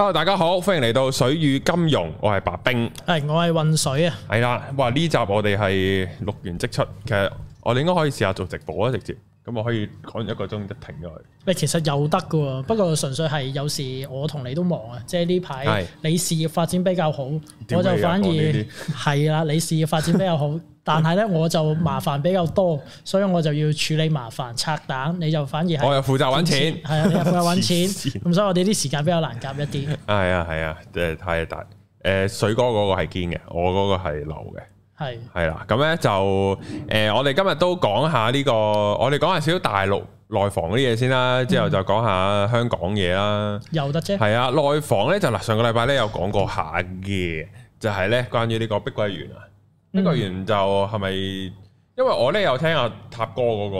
好，Hello, 大家好，歡迎嚟到水與金融，我係白兵，係我係渾水啊，係啦，哇呢集我哋係錄完即出，其實我哋應該可以試下做直播啊，直接咁我可以講一個鐘一停咗佢。喂，其實又得㗎，不過純粹係有時我同你都忙啊，即係呢排你事業發展比較好，對我就反而係啦、啊，你事業發展比較好。 但係咧，我就麻煩比較多，所以我就要處理麻煩拆彈，你就反而係，我又負責揾錢，係啊，你又負責揾錢，咁所以我哋啲時間比較難夾一啲。係啊，係啊，即誒太大誒、呃，水哥嗰個係堅嘅，我嗰個係流嘅，係係啦。咁咧、啊、就誒、呃，我哋今日都講下呢、這個，我哋講下少少大陸內房嗰啲嘢先啦，之後就講下香港嘢啦。有得啫，係啊，啊，內房咧就嗱，上個禮拜咧有講過下嘅，就係、是、咧關於呢個碧桂園啊。碧桂園就係咪？因為我咧有聽阿塔哥嗰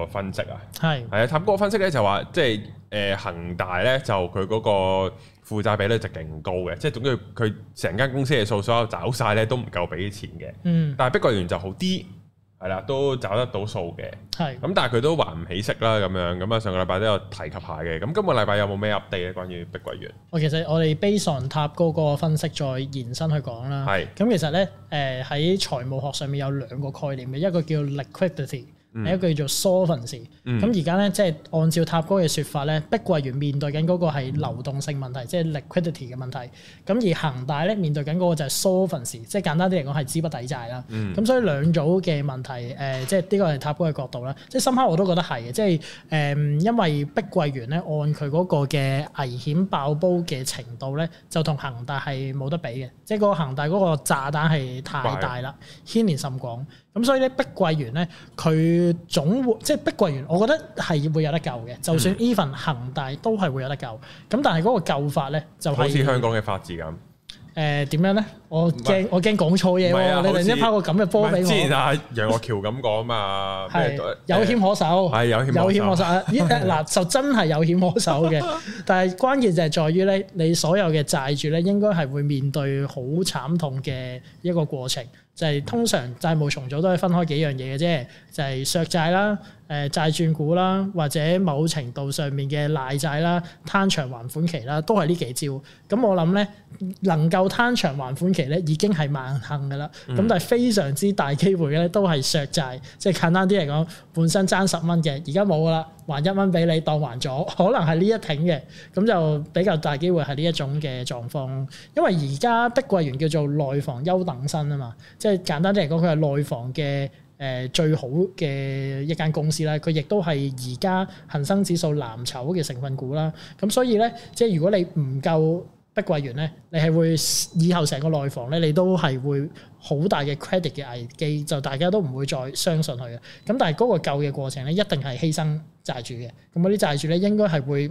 個分析啊，係係啊，塔哥分析咧就話，即係誒恒大咧就佢嗰個負債比率就勁高嘅，即係總之佢成間公司嘅數所有找曬咧都唔夠俾錢嘅，嗯，但係碧桂園就好啲。係啦，都找得到數嘅，咁是但係佢都還唔起息啦咁樣，咁啊上個禮拜都有提及下嘅。咁今個禮拜有冇咩 update 咧？關於碧桂園？我其實我哋悲 a 塔嗰個分析再延伸去講啦，咁是其實咧誒喺財務學上面有兩個概念嘅，一個叫 liquidity。一個叫做 sovereigns，咁而家咧即係按照塔哥嘅説法咧，碧桂園面對緊嗰個係流動性問題，嗯、即係 liquidity 嘅問題。咁而恒大咧面對緊嗰個就係 sovereigns，即係簡單啲嚟講係資不抵債啦。咁、嗯、所以兩組嘅問題，誒、呃、即係呢個係塔哥嘅角度啦。即係深刻我都覺得係嘅，即係誒、呃、因為碧桂園咧按佢嗰個嘅危險爆煲嘅程度咧，就同恒大係冇得比嘅。即係個恒大嗰個炸彈係太大啦，的牽連甚廣。咁所以咧，碧桂園咧，佢總會即係碧桂園，我覺得係會有得救嘅。就算 Even 恒大都係會有得救。咁但係嗰個救法咧，就好似香港嘅法治咁。誒點樣咧？我驚我驚講錯嘢。我你突然間拋個咁嘅波俾我。之前係楊岳橋咁講啊嘛。係有險可守，係有險有險可守。依嗱就真係有險可守嘅。但係關鍵就係在於咧，你所有嘅債主咧，應該係會面對好慘痛嘅一個過程。就係通常債務重組都係分開幾樣嘢嘅啫，就係削債啦。誒、呃、債轉股啦，或者某程度上面嘅賴債啦，攤長還款期啦，都係呢幾招。咁我諗咧，能夠攤長還款期咧，已經係萬幸噶啦。咁、嗯、但係非常之大機會咧，都係削債。即係簡單啲嚟講，本身爭十蚊嘅，而家冇啦，還一蚊俾你當還咗，可能係呢一挺嘅。咁就比較大機會係呢一種嘅狀況，因為而家碧桂園叫做內房優等生啊嘛。即係簡單啲嚟講，佢係內房嘅。誒最好嘅一間公司啦，佢亦都係而家恒生指數藍籌嘅成分股啦。咁所以咧，即係如果你唔夠碧桂園咧，你係會以後成個內房咧，你都係會好大嘅 credit 嘅危機，就大家都唔會再相信佢嘅。咁但係嗰個救嘅過程咧，一定係犧牲債主嘅。咁嗰啲債主咧，應該係會。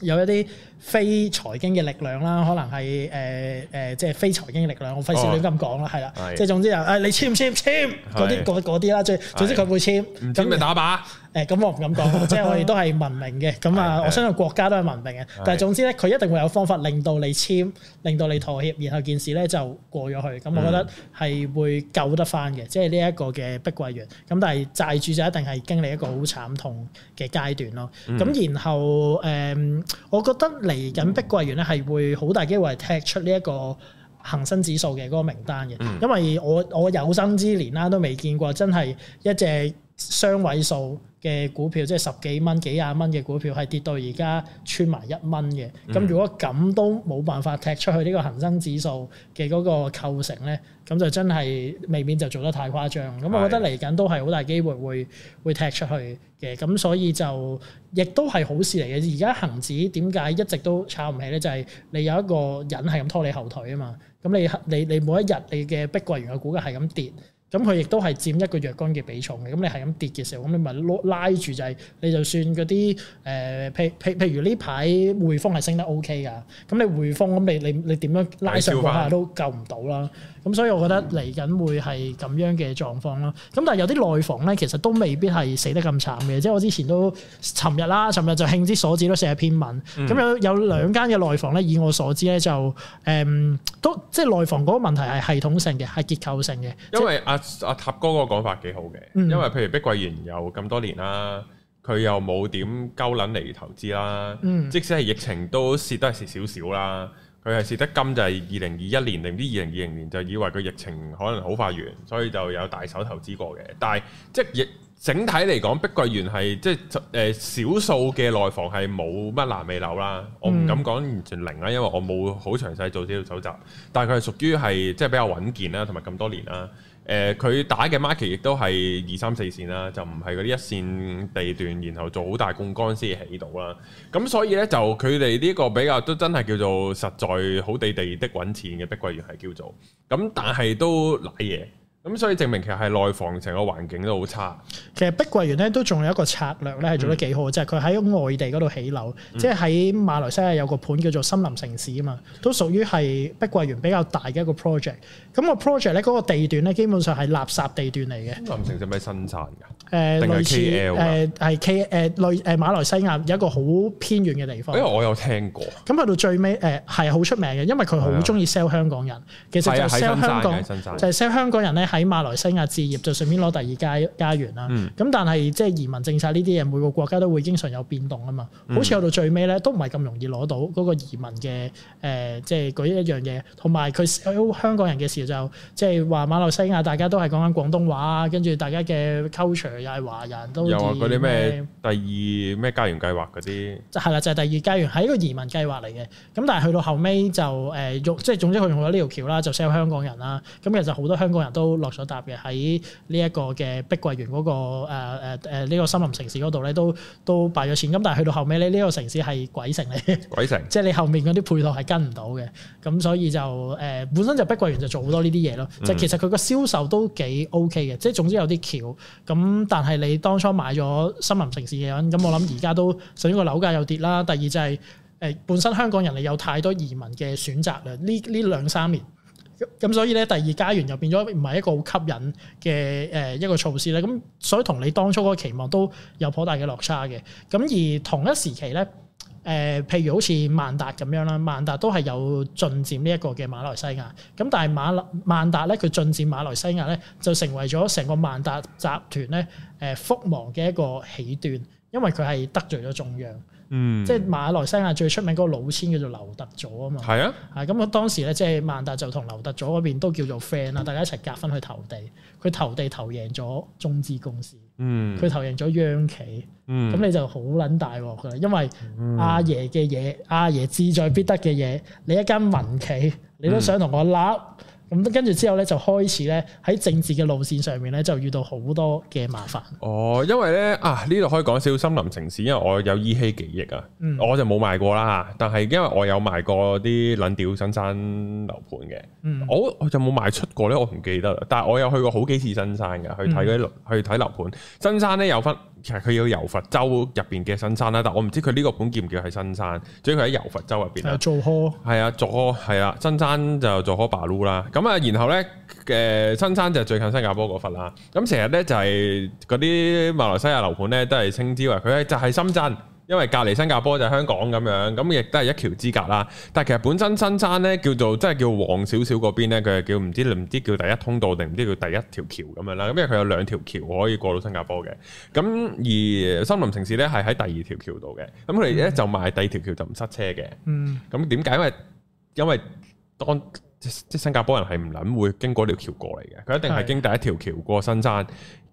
有一啲非財經嘅力量啦，可能係誒誒，即係非財經嘅力量，我費事亂咁講啦，係啦，即係總之啊、就，誒、哎、你簽唔簽簽嗰啲啲啦，最是總之佢會簽，咁咪的那打靶。誒咁、欸、我唔敢講， 即係我哋都係文明嘅，咁啊是是我相信國家都係文明嘅。但係總之咧，佢一定會有方法令到你簽，令到你妥協，然後件事咧就過咗去。咁我覺得係會救得翻嘅，嗯、即係呢一,一個嘅碧桂園。咁但係債主就一定係經歷一個好慘痛嘅階段咯。咁然後誒、嗯，我覺得嚟緊碧桂園咧係會好大機會踢出呢一個恒生指數嘅嗰個名單嘅，嗯、因為我我有生之年啦、啊、都未見過真係一隻雙位數。嘅股票即係十幾蚊、幾廿蚊嘅股票係跌到而家穿埋一蚊嘅，咁如果咁都冇辦法踢出去呢個恆生指數嘅嗰個構成咧，咁就真係未免就做得太誇張。咁我覺得嚟緊都係好大機會會會踢出去嘅，咁所以就亦都係好事嚟嘅。而家恆指點解一直都撐唔起咧？就係你有一個人係咁拖你後腿啊嘛。咁你你你每一日你嘅碧桂園嘅股價係咁跌。咁佢亦都係佔一個若干嘅比重嘅，咁你係咁跌嘅時候，咁你咪拉拉住就係、是、你就算嗰啲誒，譬譬譬如呢排匯豐係升得 O K 噶，咁你匯豐咁你你你點樣拉上嘅話都救唔到啦。咁所以我覺得嚟緊會係咁樣嘅狀況囉。咁、嗯、但係有啲內房咧，其實都未必係死得咁慘嘅，即係我之前都尋日啦，尋日就興之所至都寫一篇文，咁、嗯、有有兩間嘅內房咧，以我所知咧就誒、嗯、都即係內房嗰個問題係系統性嘅，係結構性嘅，因為阿、啊、塔哥嗰個講法幾好嘅，嗯、因為譬如碧桂園有咁多年啦、啊，佢又冇點鳩撚嚟投資啦、啊，嗯、即使係疫情都蝕得係蝕少少啦。佢係蝕得金就係二零二一年定唔知二零二零年就以為佢疫情可能好快完，所以就有大手投資過嘅。但係即係整體嚟講，碧桂園係即係誒少數嘅內房係冇乜爛尾樓啦。嗯、我唔敢講完全零啦，因為我冇好詳細做資料蒐集，但係佢係屬於係即係比較穩健啦，同埋咁多年啦、啊。誒佢、呃、打嘅 market 亦都係二三四線啦、啊，就唔係嗰啲一線地段，然後做好大槓桿先起到啦、啊。咁所以呢，就佢哋呢個比較都真係叫做實在好地地的揾錢嘅碧桂園係叫做，咁但係都瀨嘢。咁所以證明其實係內房成個環境都好差。其實碧桂園咧都仲有一個策略咧係做得幾好嘅，嗯、即係佢喺外地嗰度起樓，即係喺馬來西亞有個盤叫做森林城市啊嘛，嗯、都屬於係碧桂園比較大嘅一個 project。咁、個 project 咧，嗰個地段咧基本上係垃圾地段嚟嘅。森林城市咩？新鎮㗎？誒，類似誒，係企誒類誒，馬來西亞有一個好偏遠嘅地方。因為、欸、我有聽過。咁去到最尾誒係好出名嘅，因為佢好中意 sell 香港人。的係喺新鎮嘅新鎮。就 sell 香港人咧。喺馬來西亞置業就順便攞第二家家園啦，咁、嗯、但係即係移民政策呢啲嘢，每個國家都會經常有變動啊嘛。嗯、好似去到最尾咧，都唔係咁容易攞到嗰個移民嘅誒，即係嗰一樣嘢。同埋佢香港人嘅時候就，就即係話馬來西亞大家都係講緊廣東話，跟住大家嘅 culture 又係華人都有啊。嗰啲咩第二咩家園計劃嗰啲，就係啦，就係第二家園係一個移民計劃嚟嘅。咁但係去到後尾就誒用，即、呃、係總之佢用咗呢條橋啦，就 sell 香港人啦。咁其實好多香港人都。落咗搭嘅喺呢一個嘅碧桂園嗰、嗰個誒誒呢個森林城市嗰度咧，都都敗咗錢。咁但係去到後尾咧，呢個城市係鬼城嚟，鬼城。即係城 你後面嗰啲配套係跟唔到嘅。咁所以就誒、呃，本身就碧桂園就做好多呢啲嘢咯。即係、嗯、其實佢個銷售都幾 OK 嘅。即係總之有啲橋。咁但係你當初買咗森林城市嘅人，咁我諗而家都首先個樓價又跌啦。第二就係、是、誒、呃、本身香港人你有太多移民嘅選擇啦。呢呢兩三年，咁所以咧，第二家園又變咗唔係一個好吸引嘅誒、呃、一個措施咧，咁所以同你當初嗰個期望都有頗大嘅落差嘅。咁而同一時期咧，誒、呃、譬如好似萬達咁樣啦，萬達都係有進佔呢一個嘅馬來西亞。咁但係馬萬達咧，佢進佔馬來西亞咧，就成為咗成個萬達集團咧誒覆亡嘅一個起端。因為佢係得罪咗中央，嗯，即係馬來西亞最出名嗰個老千叫做劉特佐啊嘛，係啊，啊咁啊當時咧，即係萬達就同劉特佐嗰邊都叫做 friend 啦，大家一齊夾分去投地，佢投地投贏咗中資公司，嗯，佢投贏咗央企，嗯，咁你就好撚大鑊喎，噶，因為阿爺嘅嘢，阿爺志在必得嘅嘢，你一間民企你都想同我攬？嗯嗯。咁跟住之後咧，就開始咧喺政治嘅路線上面咧，就遇到好多嘅麻煩。哦、呃，因為咧啊，呢度可以講少少森林城市，因為我有依稀記憶啊，嗯、我就冇賣過啦嚇。但係因為我有賣過啲撚屌新山樓盤嘅，我、嗯、我就冇賣出過咧，我唔記得啦。但係我有去過好幾次新山嘅，去睇啲樓，嗯、去睇樓盤。新山咧有分。其實佢要柔佛州入邊嘅新山啦，但我唔知佢呢個盤叫唔叫係新山，主要佢喺柔佛州入邊啊。做柯係啊，做柯係啊，新山就做柯巴魯啦。咁啊，然後呢，誒、呃、新山就最近新加坡嗰笪啦。咁成日呢，就係嗰啲馬來西亞樓盤呢，都係稱之為，佢就係深圳。因為隔離新加坡就係香港咁樣，咁亦都係一橋之隔啦。但係其實本身新山咧叫做即係叫旺少少嗰邊咧，佢係叫唔知唔知叫第一通道定唔知叫第一條橋咁樣啦。咁因為佢有兩條橋可以過到新加坡嘅。咁而森林城市咧係喺第二條橋度嘅。咁佢哋咧就賣第二條橋就唔塞車嘅。嗯。咁點解？因為因為當即即新加坡人係唔諗會經過條橋過嚟嘅，佢一定係經第一條橋過新山。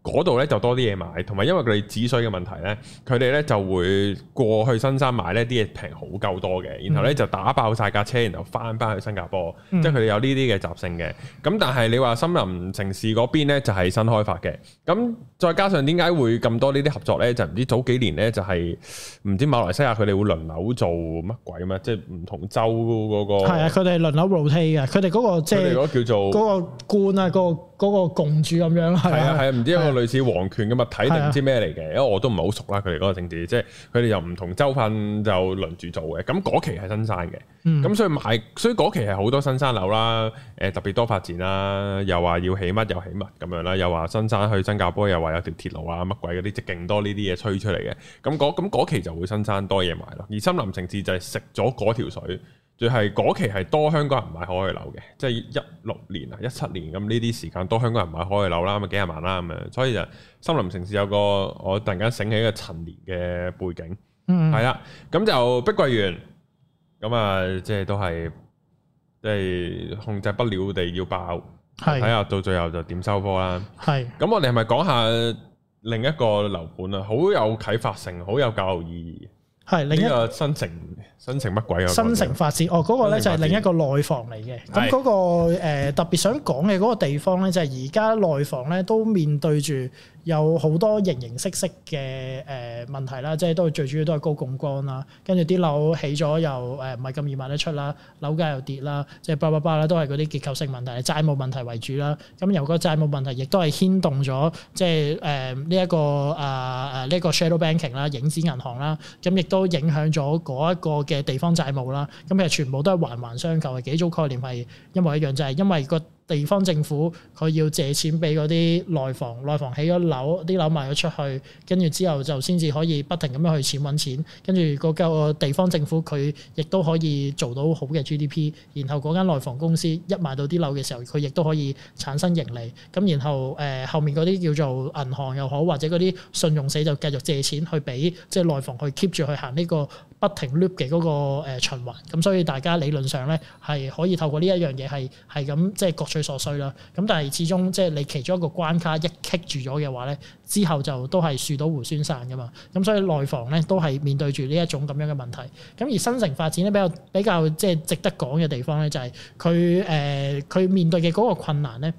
嗰度咧就多啲嘢買，同埋因為佢哋紙水嘅問題咧，佢哋咧就會過去新山買呢啲嘢平好夠多嘅，然後咧就打爆晒架車，然後翻翻去新加坡，嗯、即係佢哋有呢啲嘅習性嘅。咁但係你話森林城市嗰邊咧就係新開發嘅，咁再加上點解會咁多呢啲合作咧？就唔知早幾年咧就係唔知馬來西亞佢哋會輪流做乜鬼咩？即係唔同州嗰、嗰個係啊，佢哋輪流 rotate 嘅，佢哋嗰個即係嗰個叫做嗰個冠啊，嗰、嗰個嗰個共主咁樣係啊係啊，唔、啊啊、知、啊。類似皇權嘅物體定唔知咩嚟嘅，因為我都唔係好熟啦。佢哋嗰個政治，即係佢哋又唔同州份就輪住做嘅。咁嗰期係新山嘅，咁、嗯、所以賣，所以嗰期係好多新山樓啦。誒，特別多發展啦，又話要起乜又起乜咁樣啦，又話新山去新加坡，又話有條鐵路啊，乜鬼嗰啲，即係勁多呢啲嘢吹出嚟嘅。咁嗰咁期就會新山多嘢賣咯。而森林城市就係食咗嗰條水。就係嗰期係多香港人買海外樓嘅，即係一六年啊、一七年咁呢啲時間，多香港人買海外樓啦，咁幾廿萬啦咁樣，所以就森林城市有個我突然間醒起一個陳年嘅背景，係啦，咁就碧桂園咁啊，即係都係即係控制不了地要爆，係睇下到最後就點收科啦。係咁，我哋係咪講下另一個樓盤啊？好有啟發性，好有教育意義。係另一個新城，新城乜鬼啊？新城發展哦，嗰個咧就係另一個內房嚟嘅。咁嗰個特別想講嘅嗰個地方咧，就係而家內房咧都面對住。有好多形形色色嘅誒問題啦，即係都最主要都係高槓桿啦，跟住啲樓起咗又誒唔係咁易賣得出啦，樓價又跌啦，即係叭叭叭啦，都係嗰啲結構性問題、債務問題為主啦。咁由嗰債務問題亦都係牽動咗，即係誒呢一個啊啊呢個 shadow banking 啦、影子銀行啦，咁亦都影響咗嗰一個嘅地方債務啦。咁其實全部都係環環相扣，嘅幾組概念係一模一樣，就係、是、因為個。地方政府佢要借錢俾嗰啲內房，內房起咗樓，啲樓賣咗出去，跟住之後就先至可以不停咁樣去錢揾錢，跟住個地方政府佢亦都可以做到好嘅 GDP，然後嗰間內房公司一買到啲樓嘅時候，佢亦都可以產生盈利，咁然後誒、呃、後面嗰啲叫做銀行又好或者嗰啲信用社就繼續借錢去俾即係內房去 keep 住去行呢、這個。不停 loop 嘅嗰個循環，咁所以大家理論上咧係可以透過呢一樣嘢係係咁即係各取所需啦。咁但係始終即係你其中一個關卡一棘住咗嘅話咧，之後就都係樹倒猢猻散噶嘛。咁所以內房咧都係面對住呢一種咁樣嘅問題。咁而新城發展咧比較比較即係值得講嘅地方咧，就係，就係佢誒佢面對嘅嗰個困難咧。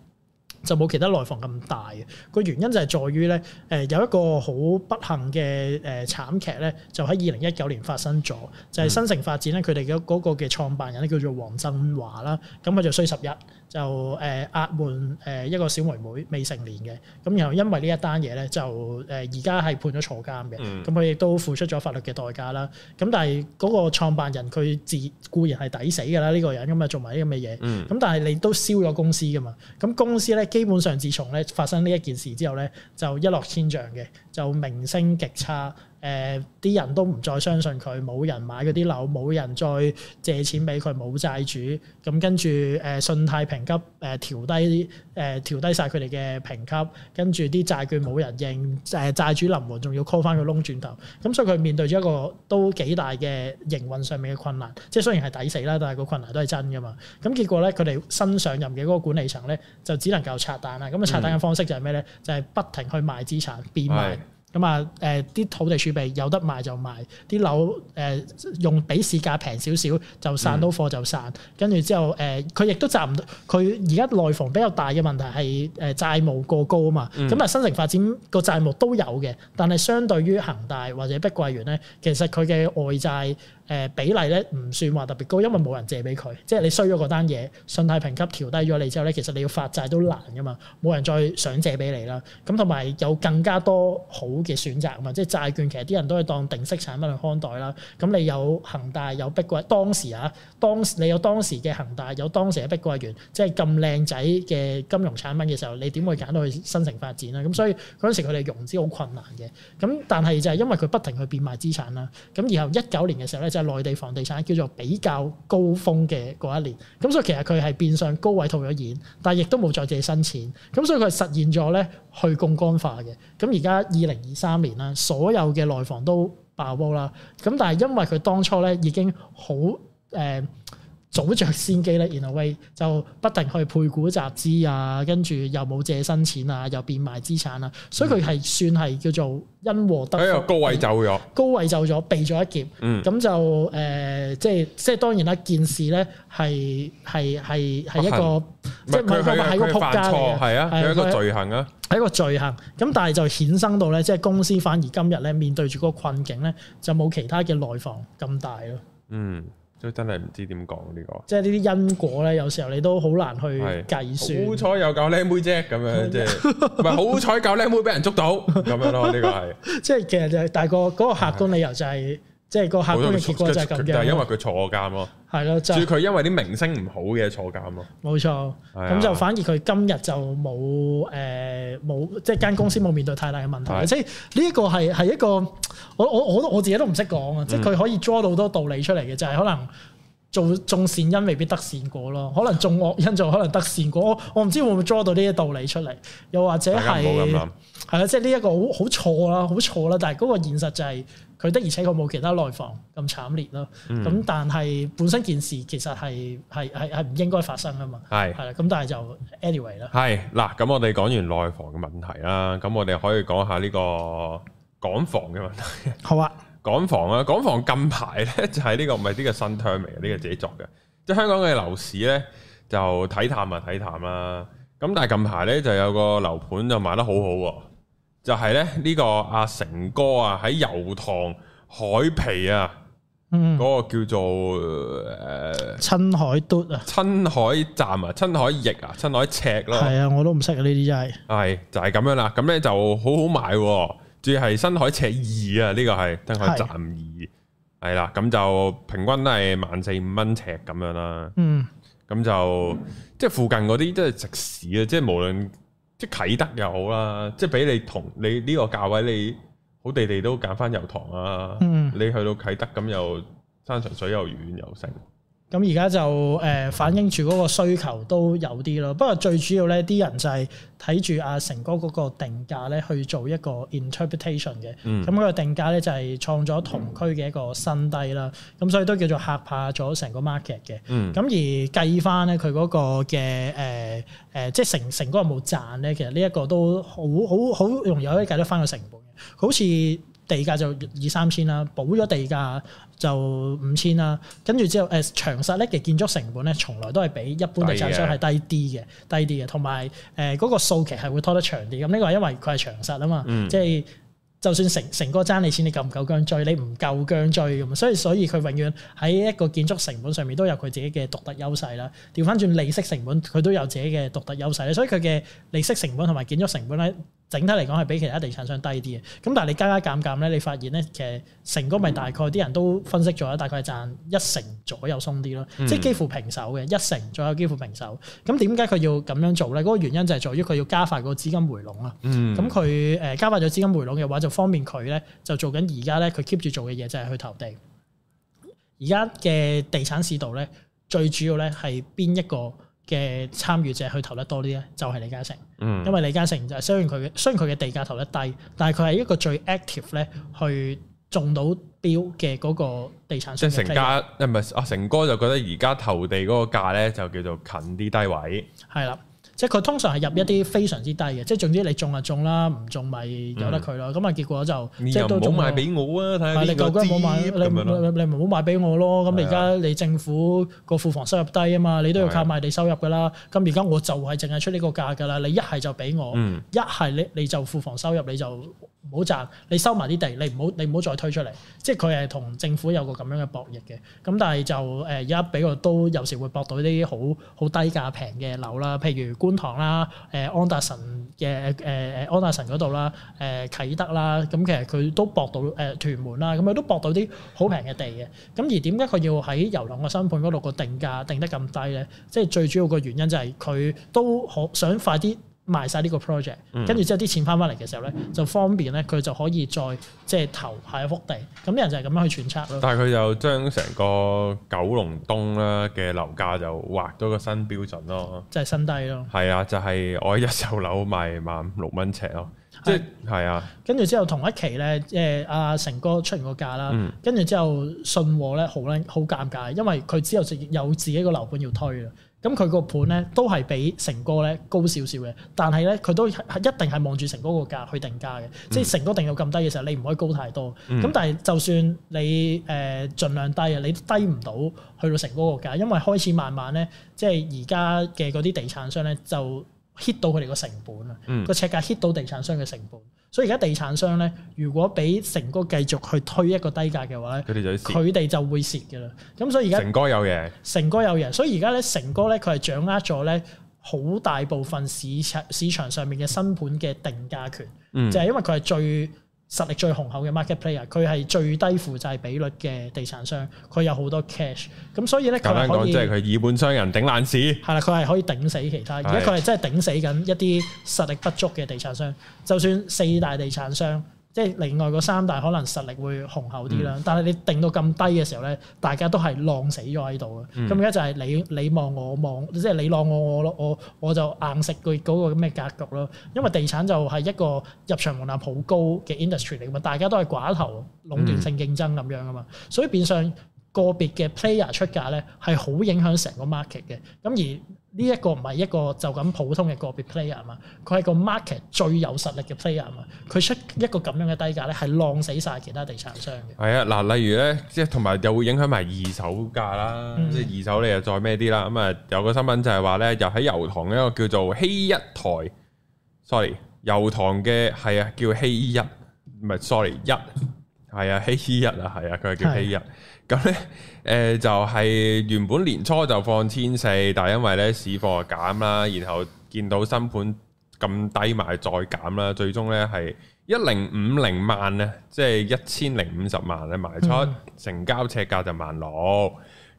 就冇其他內房咁大嘅，個原因就係在於咧，誒有一個好不幸嘅誒慘劇咧，就喺二零一九年發生咗，就係、是、新城發展咧，佢哋嘅嗰個嘅創辦人咧叫做王振華啦，咁佢就衰十一。就誒壓悶誒一個小妹妹未成年嘅，咁然後因為呢一單嘢咧，就誒而家係判咗坐監嘅，咁佢、嗯、亦都付出咗法律嘅代價啦。咁但係嗰個創辦人佢自固然係抵死㗎啦，呢、這個人咁啊做埋啲咁嘅嘢，咁、嗯、但係你都燒咗公司㗎嘛。咁公司咧基本上自從咧發生呢一件事之後咧，就一落千丈嘅，就名聲極差。誒啲、呃、人都唔再相信佢，冇人買嗰啲樓，冇人再借錢俾佢，冇債主，咁跟住誒、呃、信貸評級誒、呃、調低，誒、呃、調低晒佢哋嘅評級，跟住啲債券冇人認，誒、呃、債主臨門仲要 call 翻個窿轉頭，咁所以佢面對咗一個都幾大嘅營運上面嘅困難，即係雖然係抵死啦，但係個困難都係真噶嘛。咁結果咧，佢哋新上任嘅嗰個管理層咧，就只能夠拆彈啦。咁啊拆彈嘅方式呢、嗯、就係咩咧？就係不停去賣資產變賣。嗯咁啊，誒啲土地儲備有得賣就賣，啲樓誒用比市價平少少就散到貨就散，跟住、嗯、之後誒佢亦都賺唔到。佢而家內房比較大嘅問題係誒債務過高啊嘛。咁啊，新城發展個債務都有嘅，但係相對於恒大或者碧桂園咧，其實佢嘅外債。誒比例咧唔算話特別高，因為冇人借俾佢，即係你衰咗嗰單嘢，信貸評級調低咗你之後咧，其實你要發債都難㗎嘛，冇人再想借俾你啦。咁同埋有更加多好嘅選擇嘛，即係債券其實啲人都係當定息產品去看待啦。咁你有恒大有碧桂當時啊，當時你有當時嘅恒大有當時嘅碧桂園，即係咁靚仔嘅金融產品嘅時候，你點會揀到去新城發展啊？咁所以嗰陣時佢哋融資好困難嘅。咁但係就係因為佢不停去變賣資產啦。咁然後一九年嘅時候咧就。內地房地產叫做比較高峰嘅嗰一年，咁所以其實佢係變相高位套咗現，但係亦都冇再借新錢，咁所以佢實現咗咧去槓桿化嘅。咁而家二零二三年啦，所有嘅內房都爆煲啦，咁但係因為佢當初咧已經好誒，呃早着先機咧，然後喂就不停去配股集資啊，跟住又冇借新錢啊，又變賣資產啊，所以佢係算係叫做因禍得。哎呀、嗯，高位走咗，高位走咗，避咗一劫。嗯，咁就誒，即係即係當然啦，件事咧係係係係一個，即係唔係唔係喺個仆街係啊，係一個罪行啊，係一個罪行。咁但係就衍生到咧，即、就、係、係、公司反而今日咧面對住嗰個困境咧，就冇其他嘅內房咁大咯。嗯。都真係唔知點講呢個，即係呢啲因果咧，有時候你都好難去計算。好彩有夠靚妹啫，咁樣即係咪好彩夠靚妹俾人捉到咁樣咯，呢 個係。即係其實就係、是、大個嗰、那個客觀理由就係、是。即係個客觀嘅結果就係咁樣，就但係因為佢坐監咯，係咯，就係、是、佢因為啲明星唔好嘅坐監咯。冇錯，咁、哎、呀就反而佢今日就冇誒冇，即係間公司冇面對太大嘅問題。即係呢一個係係一個，我我我我自己都唔識講啊。即係佢可以 draw 到好多道理出嚟嘅，就係、是、可能做眾善因未必得善果咯，可能眾惡因就可能得善果。我唔知會唔會 draw 到呢啲道理出嚟，又或者係係啦，即係呢一個好好錯啦，好錯啦。但係嗰個現實就係、是。佢的，而且確冇其他內房咁慘烈咯。咁但係本身件事其實係係係係唔應該發生噶嘛。係係啦。咁但係就 anyway 啦。係嗱，咁我哋講完內房嘅問題啦，咁我哋可以講下呢個港房嘅問題。好啊，港房啊，港房近排咧就係呢個唔係呢個新 term 嚟嘅，呢個自己作嘅。即係香港嘅樓市咧就睇淡啊睇淡啦。咁但係近排咧就有個樓盤就賣得好好喎。就係咧呢個阿、啊、成哥啊喺油塘海皮啊，嗯，嗰個叫做誒，親、呃、海垛啊，親海站啊，親海翼啊，親海尺咯，係啊，我都唔識、就是就是、啊呢啲真係，係就係咁樣啦，咁咧就好好買，主要係新海尺二啊，呢、這個係新海站二，係啦是，咁、啊、就平均都係萬四五蚊尺咁樣啦，嗯，咁就即係、就是、附近嗰啲即係食肆啊，即、就、係、是、無論。即係啟德又好啦，即係俾你同你呢個價位，你好地地都揀返油塘啦、啊。嗯、你去到啟德咁又山長水又遠又剩。咁而家就誒反映住嗰個需求都有啲咯，不過最主要咧，啲人就係睇住阿成哥嗰個定價咧去做一個 interpretation 嘅，咁嗰個定價咧就係創咗同區嘅一個新低啦，咁所以都叫做嚇怕咗成個 market 嘅，咁、嗯、而計翻咧佢嗰個嘅誒誒，即係成成哥有冇賺咧？其實呢一個都好好好容易可以計得翻個成本嘅，好似。地價就二三千啦，補咗地價就五千啦，跟住之後誒、呃、長實咧嘅建築成本咧，從來都係比一般嘅產商係低啲嘅，是的 低啲嘅。同埋誒嗰個數期係會拖得長啲，咁呢個係因為佢係長實啊嘛，嗯、即係就算城城哥爭你錢，你夠唔夠薑追？你唔夠薑追咁，所以所以佢永遠喺一個建築成本上面都有佢自己嘅獨特優勢啦。調返轉利息成本，佢都有自己嘅獨特優勢咧。所以佢嘅利息成本同埋建築成本咧，整體嚟講係比其他地產商低啲嘅，咁但係你加加減減咧，你發現咧，其實城哥咪大概啲、嗯、人都分析咗，大概係賺一成左右鬆啲咯，嗯、即係幾乎平手嘅一成左右幾乎平手。咁點解佢要咁樣做咧？嗰、那個原因就係在於佢要加快個資金回籠啊。咁佢誒加快咗資金回籠嘅話，就方便佢咧就做緊而家咧佢 keep 住做嘅嘢就係、是、去投地。而家嘅地產市道咧，最主要咧係邊一個？嘅參與者去投得多啲咧，就係李嘉誠，嗯，因為李嘉誠就係雖然佢雖然佢嘅地價投得低，但係佢係一個最 active 咧去中到標嘅嗰個地產商。即係城家，唔係啊，城哥就覺得而家投地嗰個價咧，就叫做近啲低位，係啦。即係佢通常係入一啲非常之低嘅，即係總之你中就中啦，唔中咪由得佢咯。咁啊結果就，你又冇賣俾我啊？睇下你究竟冇賣，你你唔好賣俾我咯。咁而家你政府個庫房收入低啊嘛，你都要靠賣地收入㗎啦。咁而家我就係淨係出呢個價㗎啦。你一係就俾我，一係你你就庫房收入你就唔好賺，你收埋啲地，你唔好你唔好再推出嚟。即係佢係同政府有個咁樣嘅博弈嘅。咁但係就誒而家俾我都有時會博到啲好好低價平嘅樓啦，譬如官觀塘啦，誒、啊、安達臣嘅誒誒安達臣嗰度啦，誒、啊、啟德啦，咁、啊、其實佢都搏到誒、啊、屯門啦，咁佢都搏到啲好平嘅地嘅，咁、啊、而點解佢要喺油塘個新盤嗰度個定價定得咁低咧？即係最主要個原因就係佢都好想快啲。賣晒呢個 project，跟住之後啲錢翻翻嚟嘅時候咧，就方便咧，佢就可以再即係投下一幅地。咁啲人就係咁樣去揣測咯。但係佢就將成個九龍東咧嘅樓價就劃咗個新標準咯，即係新低咯。係啊，就係、是、我一手樓賣萬六蚊尺咯，即係係啊。跟住、啊、之後同一期咧，即係阿成哥出完個價啦，跟住、嗯、之後信和咧好咧好尷尬，因為佢之後就有自己個樓盤要推啦。咁佢個盤咧都係比成哥咧高少少嘅，但係咧佢都一定係望住成哥個價去定價嘅，嗯、即係成哥定到咁低嘅時候，你唔可以高太多。咁、嗯、但係就算你誒盡、呃、量低啊，你低唔到去到成哥個價，因為開始慢慢咧，即係而家嘅嗰啲地產商咧就 hit 到佢哋個成本啊，個、嗯、尺價 hit 到地產商嘅成本。所以而家地產商咧，如果俾城哥繼續去推一個低價嘅話咧，佢哋就會蝕嘅啦。咁所以而家城哥有嘢，城哥有嘢。所以而家咧，城哥咧佢係掌握咗咧好大部分市場市場上面嘅新盤嘅定價權，嗯、就係因為佢係最實力最雄厚嘅 market player，佢係最低負債比率嘅地產商，佢有好多 cash，咁所以咧佢可以，簡單講即係佢以本傷人頂爛市。係啦，佢係可以頂死其他，而家佢係真係頂死緊一啲實力不足嘅地產商，就算四大地產商。即係另外個三大可能實力會雄厚啲啦，嗯、但係你定到咁低嘅時候咧，大家都係浪死咗喺度嘅。咁而家就係你你望我，我望，即係你浪我我咯，我我就硬食佢嗰個咁嘅格局咯。因為地產就係一個入場門檻好高嘅 industry 嚟嘅嘛，大家都係寡頭壟斷性競爭咁樣啊嘛，嗯、所以變相個別嘅 player 出價咧係好影響成個 market 嘅。咁而呢一個唔係一個就咁普通嘅個別 player 啊嘛，佢係個 market 最有實力嘅 player 啊嘛，佢出一個咁樣嘅低價咧，係浪死晒其他地產商嘅。係啊，嗱，例如咧，即係同埋又會影響埋二手價啦，即係、嗯、二手你又再咩啲啦，咁啊有個新聞就係話咧，又喺油塘一個叫做希一台，sorry，油塘嘅係啊叫希一，唔係 sorry 一，係啊希一啊，係啊佢係叫希一。咁咧，誒 就係原本年初就放千四，但係因為咧市況減啦，然後見到新盤咁低埋再減啦，最終咧係一零五零萬咧，即係一千零五十萬咧賣出，嗯、成交尺價就萬六。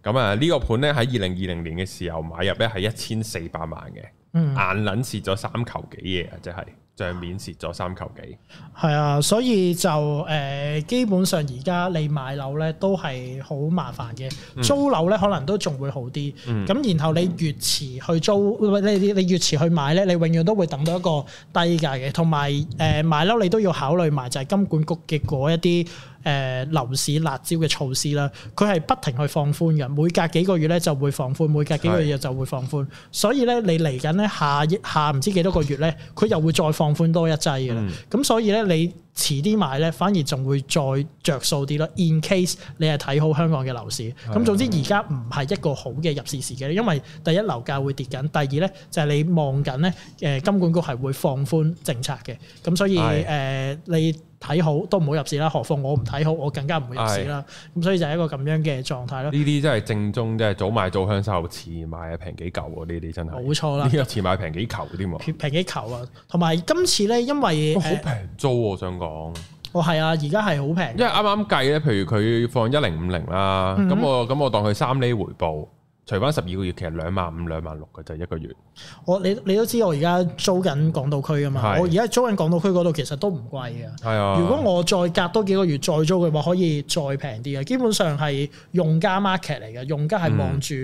咁啊，呢個盤咧喺二零二零年嘅時候買入咧係一千四百萬嘅，嗯、眼撚蝕咗三球幾嘢啊！即係。帳面蝕咗三球幾，係啊，所以就誒、呃、基本上而家你買樓咧都係好麻煩嘅，嗯、租樓咧可能都仲會好啲，咁、嗯、然後你越遲去租，你、嗯、你越遲去買咧，你永遠都會等到一個低價嘅，同埋誒買樓你都要考慮埋就係金管局嘅嗰一啲。誒樓市辣椒嘅措施啦，佢係不停去放寬嘅，每隔幾個月咧就會放寬，每隔幾個月就會放寬，是所以咧你嚟緊咧下下唔知幾多個月咧，佢又會再放寬多一劑嘅啦，咁、嗯、所以咧你。遲啲買咧，反而仲會再着數啲咯。In case 你係睇好香港嘅樓市，咁的總之而家唔係一個好嘅入市時機，因為第一樓價會跌緊，第二咧就係、是、你望緊咧，誒金管局係會放寬政策嘅，咁所以誒的、呃、你睇好都唔好入市啦。何況我唔睇好，我更加唔會入市啦。咁的所以就係一個咁樣嘅狀態咯。呢啲真係正宗，即係早買早享受，遲買平幾舊喎。呢啲真係冇錯啦，呢個遲買平幾球添喎，平幾球啊！同埋今次咧，因為好平 哦、租啊，我想。講哦，係啊，而家係好平，因為啱啱計咧，譬如佢放一零五零啦，咁我咁我當佢三厘回報，除翻十二個月，其實兩萬五兩萬六嘅就一個月。哦、你你我你你都知我而家租緊港島區啊嘛，是我而家租緊港島區嗰度其實都唔貴啊。係啊，如果我再隔多幾個月再租嘅話，可以再平啲嘅。基本上係用家 market 嚟嘅，用家係望住。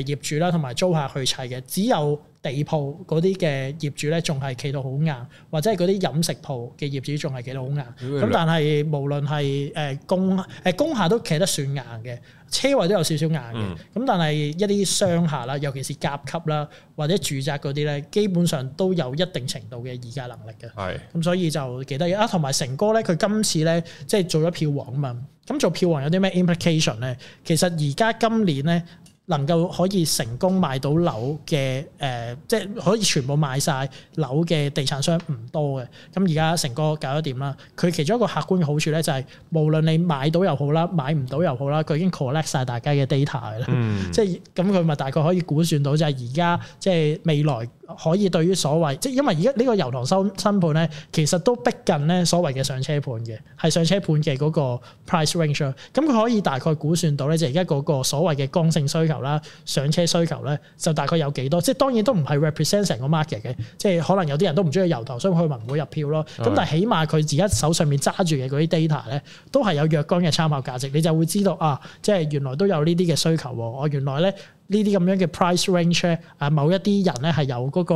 誒業主啦，同埋租客去砌嘅，只有地鋪嗰啲嘅業主咧，仲係企到好硬，或者係嗰啲飲食鋪嘅業主仲係企到好硬。咁、嗯、但係無論係誒工誒工廈都企得算硬嘅，車位都有少少硬嘅。咁、嗯、但係一啲商廈啦，尤其是甲級啦，或者住宅嗰啲咧，基本上都有一定程度嘅議價能力嘅。係咁、嗯，所以就記得啊，同埋成哥咧，佢今次咧即係做咗票王啊嘛。咁做票王有啲咩 implication 咧？其實而家今年咧。能夠可以成功買到樓嘅誒、呃，即係可以全部買晒樓嘅地產商唔多嘅。咁而家城哥搞咗點啦？佢其中一個客觀嘅好處咧、就係，就係無論你買到又好啦，買唔到又好啦，佢已經 collect 晒大家嘅 data 嘅啦。嗯、即係咁，佢咪大概可以估算到就係而家即係未來。可以對於所謂即係因為而家呢個油塘收新盤咧，其實都逼近咧所謂嘅上車盤嘅，係上車盤嘅嗰個 price range。咁佢可以大概估算到咧，就而家嗰個所謂嘅剛性需求啦、上車需求咧，就大概有幾多？即係當然都唔係 represent 成個 market 嘅，即係可能有啲人都唔中意油塘，所以佢咪唔會入票咯。咁但係起碼佢而家手上面揸住嘅嗰啲 data 咧，都係有若干嘅參考價值。你就會知道啊，即係原來都有呢啲嘅需求喎。我原來咧。呢啲咁樣嘅 price range 啊，某一啲人咧係有嗰個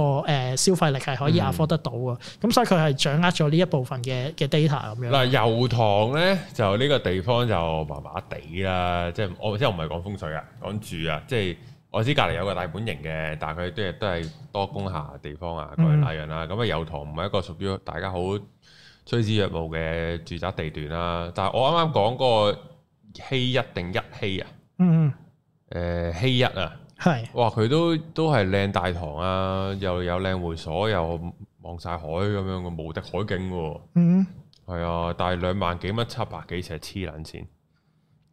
消費力係可以 afford 得到嘅，咁、嗯、所以佢係掌握咗呢一部分嘅嘅 data 咁樣。嗱，油塘咧就呢個地方就麻麻地啦，即、就、係、是、我即係唔係講風水啊，講住啊，即、就、係、是、我知隔離有個大本營嘅，但係佢都係都係多工廈地方啊，嗰啲那樣啦。咁啊油塘唔係一個屬於大家好趨之若鶩嘅住宅地段啦，但係我啱啱講個稀一定一稀啊，嗯嗯。誒、呃，希一啊，係是，哇，佢都都係靚大堂啊，又有靚會所，又望晒海咁樣嘅無敵海景喎，啊。嗯，係啊，但係兩萬幾蚊，七百幾尺黐撚線，啊，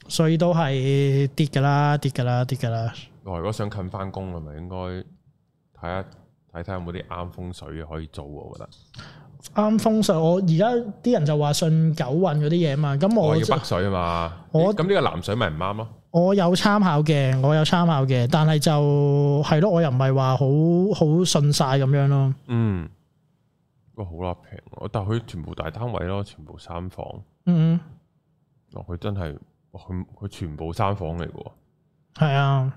所以都係跌㗎啦，跌㗎啦，跌㗎啦。我、哦，如果想近翻工，係咪應該睇下睇睇有冇啲啱風水嘅可以做，啊？我覺得啱風水，我而家啲人就話信九運嗰啲嘢嘛，咁我、哦，要北水啊嘛，我咁呢、欸、個南水咪唔啱咯。我有參考嘅，我有參考嘅，但係就係咯，我又唔係話好好信晒咁樣咯。嗯，嘩，好啦平，但係佢全部大單位咯，全部三房。嗯，哦，佢真係，佢佢全部三房嚟嘅喎。係啊，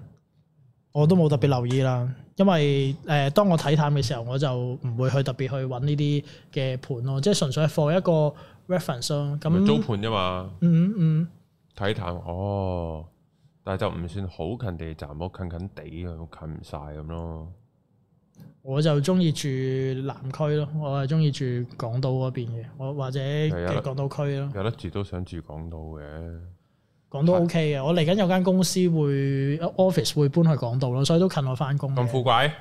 我都冇特別留意啦，因為誒、呃，當我睇淡嘅時候，我就唔會去特別去揾呢啲嘅盤咯，即係純粹 for 一個 reference 咯。咁租盤啫嘛。嗯嗯，睇、嗯、淡哦。但係就唔算好近地站，好近近地咁，近唔晒咁咯。我就中意住南區咯，我係中意住港島嗰邊嘅，我或者嘅港島區咯。有得住都想住港島嘅，港島 O K 嘅。是我嚟緊有間公司會 office 會搬去港島咯，所以都近我翻工。咁富貴？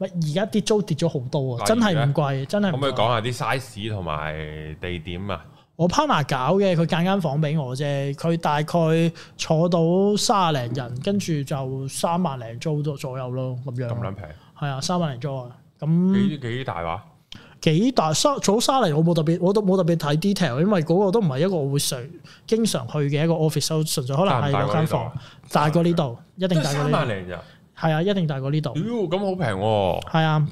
唔係而家跌租跌咗好多啊！真係唔貴，真係。可唔可以講下啲 size 同埋地點啊？我 partner 搞嘅，佢間間房俾我啫。佢大概坐到三十零人，跟住就三萬零租咗左右咯，咁樣。咁撚平？係啊，三萬零租啊。咁幾大話？幾大？坐坐三廿，我冇特別，我都冇特別睇 detail，因為嗰個都唔係一個我會常經常去嘅一個 office，都純粹可能係有間房大過呢度，一定大過。呢度係啊，一定大過呢度。咁好平喎！係啊，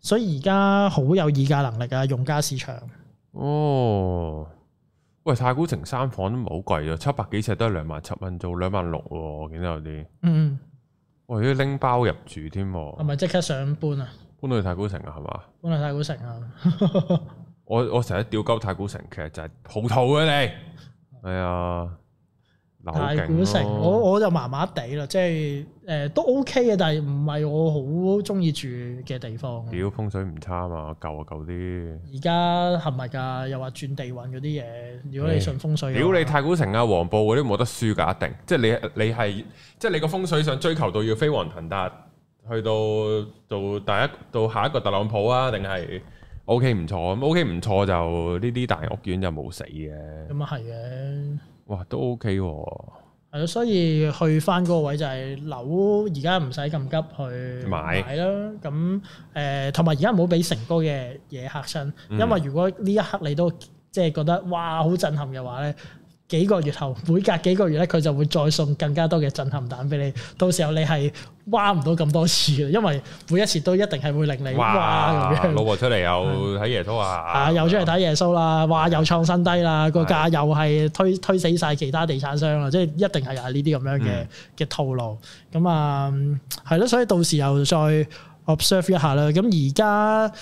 所以而家好有議價能力啊，用家市場。哦，喂！太古城三房都唔係好貴啊，七百幾尺都係兩萬七蚊租，兩萬六喎，見到有啲。嗯，我而家拎，哦，包入住添，係咪即刻想搬啊？搬去太古城啊，係嘛？搬去太古城啊 ！我我成日吊鳩太古城，其實就係葡萄啊你，係啊， 哎。啊、太古城，我我就麻麻地啦，即係誒、呃、都 OK 嘅，但係唔係我好中意住嘅地方。屌風水唔差嘛，舊啊舊啲。而家係咪噶？又話轉地運嗰啲嘢，如果你信風水。屌你、嗯、太古城啊，黃埔嗰啲冇得輸噶，一定。即係你你係，即係你個風水想追求到要飛黃騰達，去到到第一到下一個特朗普啊？定係 OK 唔錯咁？OK 唔錯就呢啲大屋苑就冇死嘅。咁啊係嘅。哇，都 OK 喎、哦。係咯，所以去翻嗰個位就係、是、樓，而家唔使咁急去買啦。咁誒買，同埋而家唔好俾城哥嘅嘢嚇親，因為如果呢一刻你都即係覺得哇好震撼嘅話咧。幾個月後，每隔幾個月咧，佢就會再送更加多嘅震撼彈俾你。到時候你係挖唔到咁多次嘅，因為每一次都一定係會令你挖老哇樣。老婆出嚟又睇耶穌啊！啊，啊又出嚟睇耶穌啦、啊，話又創新低啦，個價又係推推死晒其他地產商啦、啊，的即係一定係啊呢啲咁樣嘅嘅套路。咁、嗯、啊，係咯，所以到時候又再 observe 一下啦。咁而家。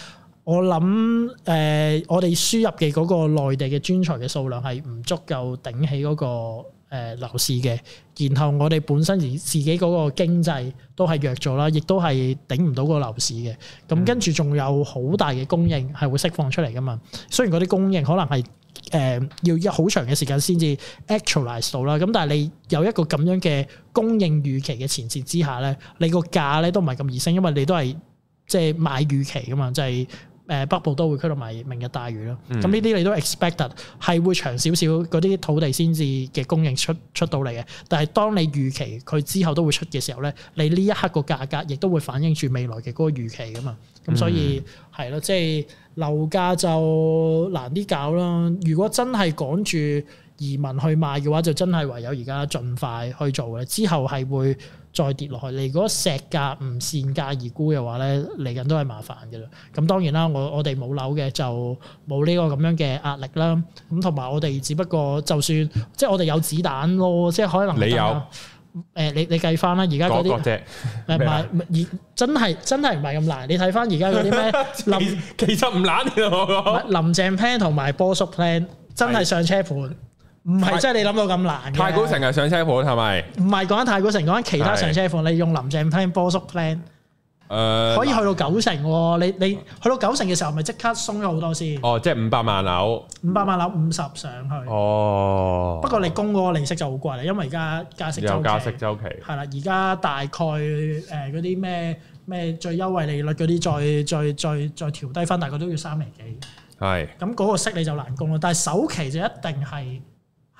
我諗誒、呃，我哋輸入嘅嗰個內地嘅專才嘅數量係唔足夠頂起嗰、那個誒、呃、樓市嘅，然後我哋本身自自己嗰個經濟都係弱咗啦，亦都係頂唔到個樓市嘅。咁跟住仲有好大嘅供應係會釋放出嚟噶嘛。雖然嗰啲供應可能係誒、呃、要一好長嘅時間先至 actualize 到啦，咁但係你有一個咁樣嘅供應預期嘅前設之下咧，你個價咧都唔係咁易升，因為你都係即係買預期噶嘛，就係、是。誒，北部都會區同埋明日大嶼啦，咁呢啲你都 expected 係會長少少嗰啲土地先至嘅供應出出到嚟嘅，但係當你預期佢之後都會出嘅時候咧，你呢一刻個價格亦都會反映住未來嘅嗰個預期噶嘛，咁所以係咯，即係、嗯就是、樓價就難啲搞啦。如果真係趕住，移民去賣嘅話，就真係唯有而家盡快去做嘅，之後係會再跌落去。你如果石價唔善價而沽嘅話咧，嚟緊都係麻煩嘅啦。咁當然啦，我我哋冇樓嘅就冇呢個咁樣嘅壓力啦。咁同埋我哋只不過就算即係我哋有子彈咯，即係可能你有誒、欸？你你計翻啦，而家嗰啲唔係唔係而真係真係唔係咁難？你睇翻而家嗰啲咩林其實唔難，林鄭 plan 同埋波叔 plan 係嘅真係上車盤。唔係即係你諗到咁難嘅。太古城係上車盤係咪？唔係講緊太古城，講緊其他上車盤。你用林鄭 plan、波叔 plan，誒可以去到九成喎。你你去到九成嘅時候，咪即刻鬆咗好多先。哦，即係五百萬樓。五百萬樓五十上去。哦。不過你供個利息就好貴啦，因為而家加息週期。有加息週期。係啦，而家大概誒嗰啲咩咩最優惠利率嗰啲，再再再再調低翻，大概都要三厘幾。係。咁嗰個息你就難供啦，但係首期就一定係。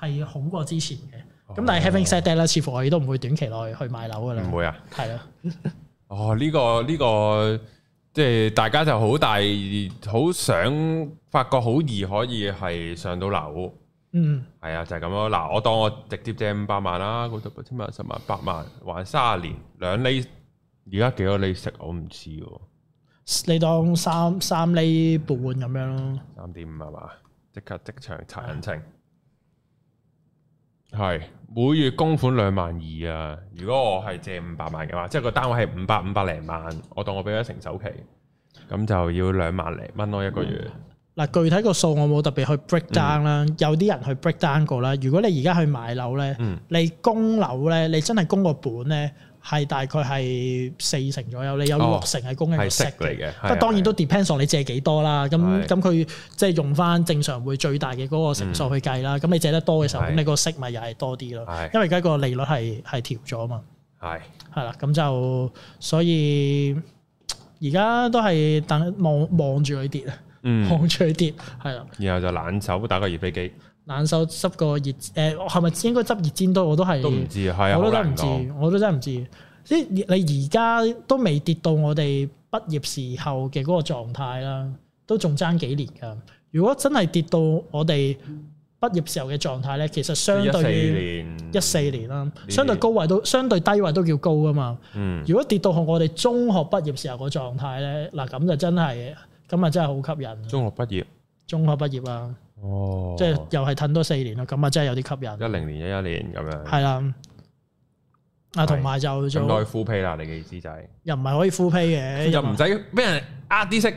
係好過之前嘅，咁但係 having said that 咧，似乎佢都唔會短期內去買樓噶啦。唔會啊，係啊。哦，呢個，呢個，即係大家就好大好想發覺好易可以係上到樓。嗯，係啊，就係咁咯。嗱，我當我直接借五百萬啦，嗰度八千萬、十萬、百萬，還卅年，兩厘。而家幾多利息？我唔知喎。你當三三釐半咁樣咯。三點五係嘛？即刻即場查人情。 係每月供款兩萬二啊！如果我係借五百萬嘅話，即係個單位係五百五百零萬，我當我俾咗成首期，咁就要兩萬零蚊咯一個月。嗱、嗯啊，具體個數我冇特別去 break down 啦、嗯，有啲人去 break down 過啦。如果你而家去買樓咧，嗯、你供樓咧，你真係供個本咧。係大概係四成左右，你有六成係供緊個息嘅。不、哦、當然都 depends on 你借幾多啦。咁咁佢即係用翻正常會最大嘅嗰個成數去計啦。咁、嗯、你借得多嘅時候，咁的你個息咪又係多啲咯。的因為而家個利率係係調咗啊嘛。係係啦，咁就所以而家都係等望望住佢跌啊。望住佢跌係啦。然後就攔手打個熱飛機。冷手執個熱誒，係、呃、咪應該執熱煎堆？我都係，都唔知，係啊，我都真唔知，我都真唔知。即係你而家都未跌到我哋畢業時候嘅嗰個狀態啦，都仲爭幾年噶。如果真係跌到我哋畢業時候嘅狀態咧，其實相對於一四年啦，相對高位都相對低位都叫高噶嘛。嗯，如果跌到我哋中學畢業時候嘅狀態咧，嗱咁就真係咁啊，就真係好吸引。中學畢業，中學畢業啊！哦，即係又係褪多四年咯，咁啊真係有啲吸引。一零年、一一年咁樣。係啦、啊，啊同埋就唔耐敷皮啦，你嘅意思就係又唔係可以敷皮嘅，又唔使俾人呃啲色。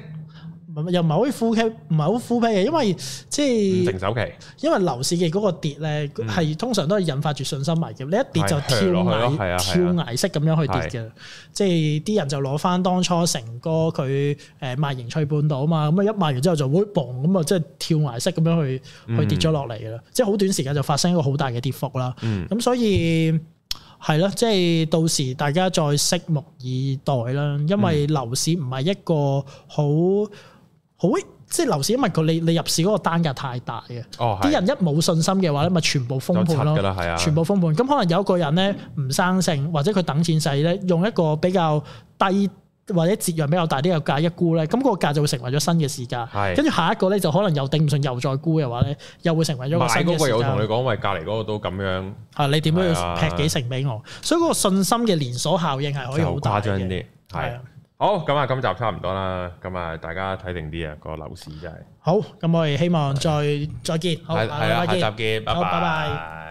又唔係好負背，唔係好負背嘅，因為即、就、係、是、成首期，因為樓市嘅嗰個跌咧，係、嗯、通常都係引發住信心危機。你一跌就跳崖，嗯嗯、跳崖式咁樣去跌嘅，嗯、即係啲人就攞翻當初城哥佢誒、呃、賣盈翠半島啊嘛，咁、嗯、啊一賣完之後就會嘣咁啊即係跳崖式咁樣去去跌咗落嚟嘅啦，即係好短時間就發生一個好大嘅跌幅啦。咁、嗯、所以係咯，即係到時大家再拭目以待啦，因為樓市唔係一個好。好，即係樓市，因為佢你你入市嗰個單價太大嘅，啲、哦、人一冇信心嘅話咧，咪全部封盤咯，全部封盤。咁、嗯嗯嗯、可能有一個人咧唔生性，或者佢等錢使咧，用一個比較低或者折讓比較大啲嘅價一沽咧，咁、嗰個價就會成為咗新嘅市價。跟住的下一個咧就可能又頂唔順，又再沽嘅話咧，又會成為咗個新嘅市價。買嗰個又同你講，喂，隔籬嗰個都咁樣。啊，你點都要劈幾成俾我，所以嗰個信心嘅連鎖效應係可以好誇張啲，係啊。好，咁啊，今集差唔多啦，咁啊，大家睇定啲啊，個樓市真係。好，咁我哋希望再再見，係係啊，下集見，拜拜，拜拜。